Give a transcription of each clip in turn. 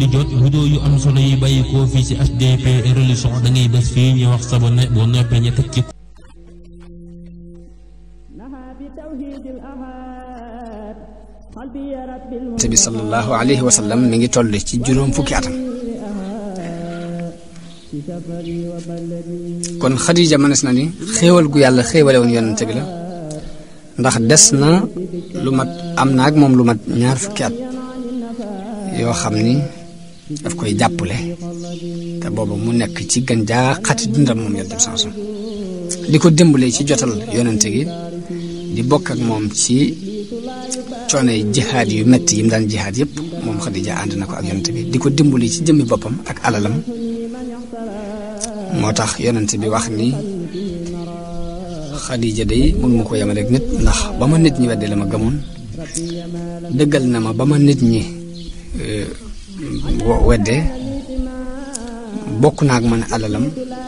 di jot hudo yu am solo yi bàyyi koo fii ci HDP religion da ngay def fi ñu wax ne bo noppé ñi teg ci te sallallahu alayhi wa sallam mi ngi toll ci juróom fukki atam kon khadija manes na ni xewal gu yàlla xéewale woon yonente bi la ndax des na lu mat am na ak mom lu mat ñaar fukki at yo xamni daf koy jàppale te booba mu nekk ci gën jaa xati dundam moom yonent bi sallallahu di ko dimbale ci jotal yonent gi di bokk ak moom ci coono yi jihaad yu metti yi mu daan jihaad yëpp moom Xadija ànd na ko ak yonent bi di ko dimbale ci jëmmi boppam ak alalam moo tax yonent bi wax ni Xadija day mun ma ko yemale nit ndax ba ma nit ñi weddi la ma gëmoon dëggal na ma ba ma nit ñi euh, weddee bokk naa ak man alalam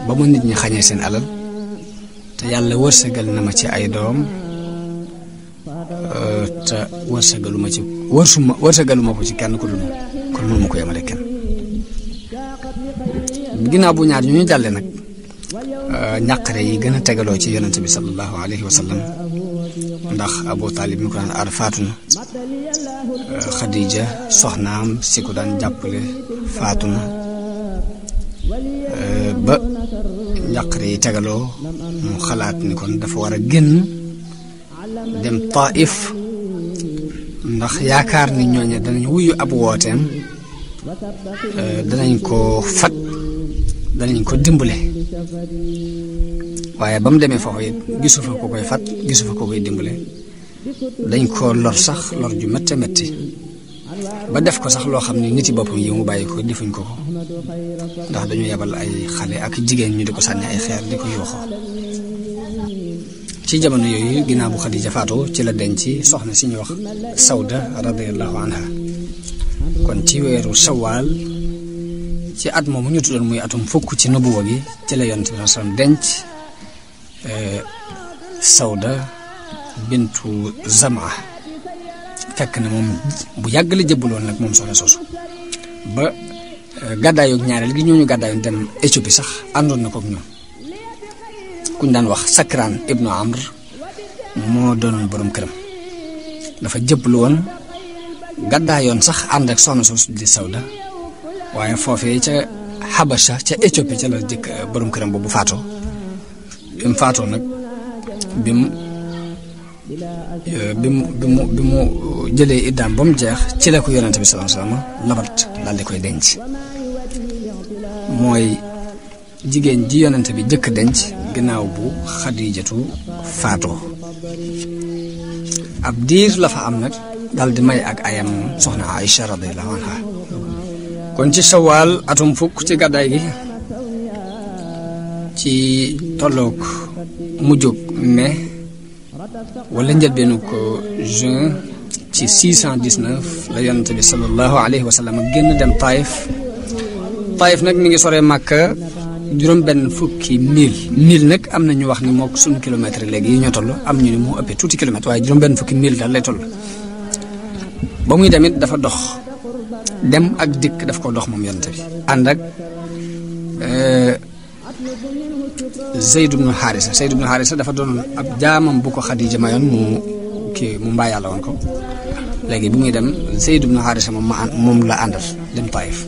ba ma nit ñi xañee seen alal te yàlla wërsëgal na ma ci ay doom euh, te wërsëgalu ma ci wërsuma wërsëgalu ma ko ci kenn ku dul kon mënu ma ko yemale kenn ginnaaw bu ñaar ñu ñu jàllee nag euh, ñàqare yi gën a tegaloo ci yonent bi sallallahu alayhi wa sallam ndax Abu Taalib mi ko daan aar na Khadija soxnaam si ko daan jàppale faatu euh, ba njàqare yi tegaloo mu xalaat ni kon dafa war a génn dem Taif ndax yaakaar ni ñooñ danañ wuyu ab wooteem euh, danañ ko fat danañ ko dimbale waaye ba mu demee foofu it gisu fa ko koy fat gisu fa ko koy dimbale dañ ko lor sax lor ju métte métti ba def ko sax loo xam ne nit yi boppam yi mu bàyyi ko defuñ ko ko ndax dañu yebal ay xale ak jigéen ñu di ko sànni ay xeer di ko yooxoo ci jamono yooyu ginnaaw bu Xadija faatoo ci la denc soxna si ñu wax Sawda kon ci weeru ci at moomu ñu muy atum fukk ci nubuwa gi ci la yonent bi denc eh, Sawda bintu Zama fekk na moom bu yàgg la jëbbaloon nag moom soxna soosu ba eh, gàddaayoog ñaareel gi ñooñu gàddaayoon dem Éthiopie sax àndoon na kook ñoom kuñ daan wax Sakran ibnu Amr moo doonoon borom këram dafa jëbbalu woon gàddaayoon sax ànd ak soxna soosu di Sawda waaye foofee ca Habasha ca Éthiopie ca la jëkk eh, borom këram boobu faatoo bi mu faatoo nag bi bi mu bi mu jëlee iddaam ba mu jeex ci la ko yonente bi sallallahu alayhi labat daal di koy denc mooy jigéen ji yonente bi jëkk denc ginnaaw bu xadijatu faatoo ab diir la fa am nag daal di may ak ayam soxna Aïcha radiyallahu anha kon ci sawaal atum fukk ci gàddaay gi ci tolloog mujjug mai wala njëlbeenu ko juin ci 619 la yonent bi sallallahu alayhi wa sallam génn dem Taïf Taïf nag mi ngi soree Màkka juróom benn fukki mil mil nag am na ñu wax ni mook suñu kilomètre léegi yi ñoo toll am ñu ni moo ëppee tuuti kilomètre waaye juróom benn fukki mil daal lay toll ba muy demit dafa dox dem ak dikk daf ko dox moom yonent bi ànd ak Zeyd ibnu Xaarisa Zeyd Xaarisa dafa doon ab jaamam bu ko Xadija mayoon mu kii mu mbaa woon ko léegi bu muy dem Zeyd ibnu Xaarisa moom moom la àndal dem Taif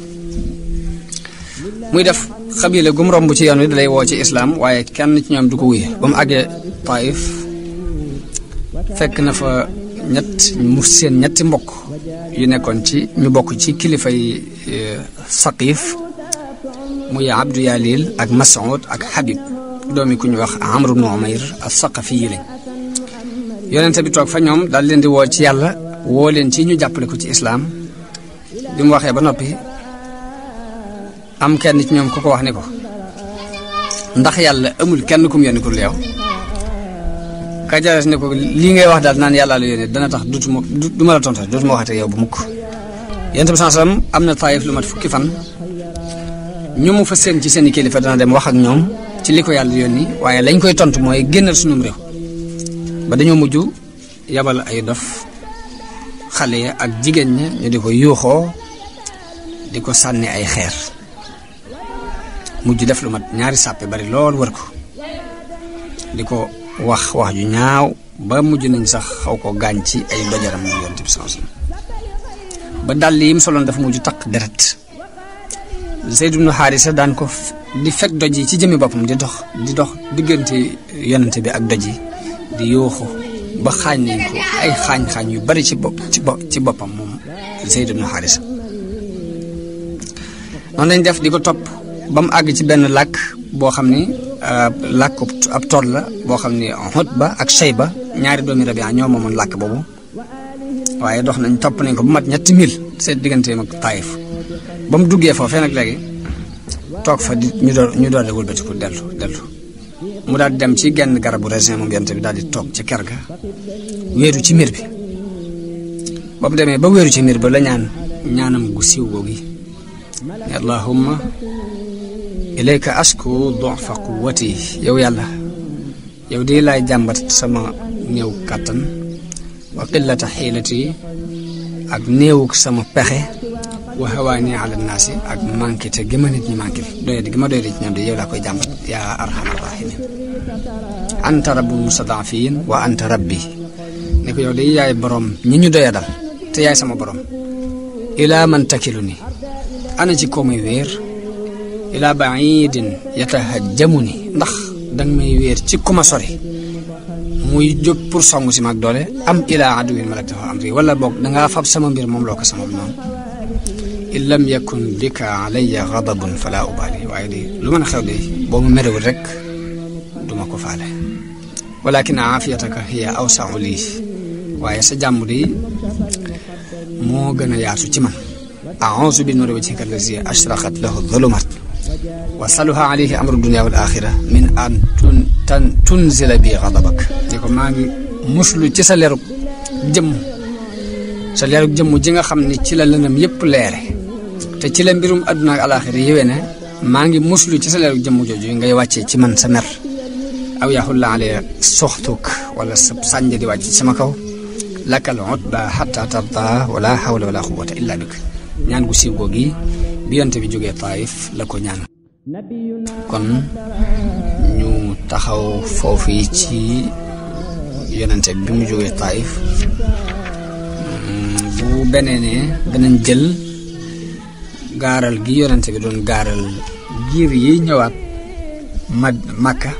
muy def xabile gum romb ci yoon wi dalay woo ci islaam waaye kenn ci ñoom du ko wuye ba mu àggee Taif fekk na fa ñett mu seen ñetti mbokk yu nekkoon ci ñu bokk ci kilifa yi eh, Saqiif muy Abdou Yalil ak Masoud ak Habib doomi ku ñu wax Amr ibn Umayr as-Saqafi yi lañ yonente bi toog fa ñoom daal leen di woo ci yàlla woo leen ci ñu jàppale ko ci islaam bi mu waxee ba noppi am kenn ci ndax yàlla amul kenn kum yónni ku yow ka jares ne ko lii ngay wax daal naan yàllaa la yónnee dana tax dutuma du la tontal dutuma waxate yow bu mukk yonente bi sallallahu alayhi lu mat fukki fan ñu mu fa seen ci seen kilifa dana dem wax ak ñoom ci li ko yàlla yónni waaye lañ koy tontu mooy génnal sunum réew ba dañoo mujj yabal ay dof xale ya ak jigéen ña ñu di ko yuuxoo di ko sànni ay xeer mujj def lu mat ñaari sàppe bari lool wër ko di ko wax wax ju ñaaw ba mujj nañ sax xaw ko gaañ ci ay dojaram mu yonte bi ba dal yi mu mujj takk deret Zeyd ibnu Xaarisa daan ko di fekk doj yi ci jëmmi boppam di dox di dox diggante yonante bi ak doj yi di yuuxu ba xaañ nañ ko ay xaañ-xaañ yu bari ci ci bopp ci boppam moom Zeyd ibnu Xaarisa noonu lañ def di ko topp ba mu àgg ci benn làkk boo xam ni làkk ab tool la boo xam ni Utba ak Shayba ñaari doomi Rabia ñoo moomoon làkk boobu waaye dox nañ topp nañ ko bu mat ñetti mil seen digganteem ak Taayif ba mu duggee foofee nag léegi toog fa di ñu doon ñu doon wëlbatiku dellu dellu mu daal di dem ci genn garabu raisin mu ngente bi daal di toog ci ker ga wéeru ci miir bi ba mu demee ba wéeru ci miir ba la ñaan ñaanam gu siiw googi ne allahumma ilayka asku dufa quwati yow yàlla yow di laay jàmbat sama néew kàttan wa qillata xiilati ak néewuk sama pexe waxawaani ala Nasi ak manqué te gëma nit ñi manqué doy di gëma doy di ya de yow laa koy jàmbat ya arhamar rahimin anta rabbul mustadafin wa anta rabbi ne ko yow de yaay borom ñi ñu doya dal te yaay sama borom ila man takilu ni ana ci koo may ila baidin yatahajjamuni ndax dang may wéer ci kuma sori muy jóg pour song si mag doole am ila aduwin malaktahu amri wala boog nga fab sama mbir moom loo ko sama noonu in lam yakun lika alayya gadabun fala ubaali waaye di lu mën a xew de boo ma merewul rek duma ko faale walakin aafiyataka hiya awsaxu lii waaye sa jàmm di moo gën a yaatu ci man aauzu bi nuuri wajhika allazi ashraqat lahu dhulumat wa saluha alayhi amru dunia wal axira min an tun tan tunzila bi gadabak ni ko maa ngi muslu ci sa leerug jëmm sa leerug jëmm ji nga xam ni ci la lënam yëpp leere te ci la mbirum àdduna ak alaaxira yéwee ne maa ngi muslu ci sa leeru jëmm jooju ngay wàccee ci man sa mer aw yaxulla ale soxtuk wala sa sànja di wàcc ci sama kaw lakkal utba xata tarda wala xawla wala quwata illa bik ñaan bi yonte bi la ko ñaan kon ñu taxaw foofu yi ci yonente bi mu jógee taif mm, bu benee ne jël gaaral gi yonent bi doon gaaral giir yi ñëwaat ma Makka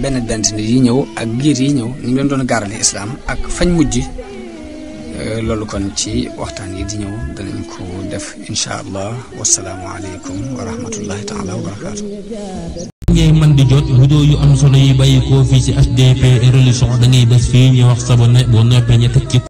benn dentine yi ñëw ak giir yi ñëw ñu leen doon gaarale islaam ak fañ mujj euh, loolu kon ci waxtaan yi di ñëw danañ ko def incha allah wasalaamu aleykum wa rahmatullahi taala wa barakaatu ngay mën di jot vidéo yu am solo yi bàyyi koo fii ci HDP religion da bés fii ñu wax sabone boo noppee ñu ci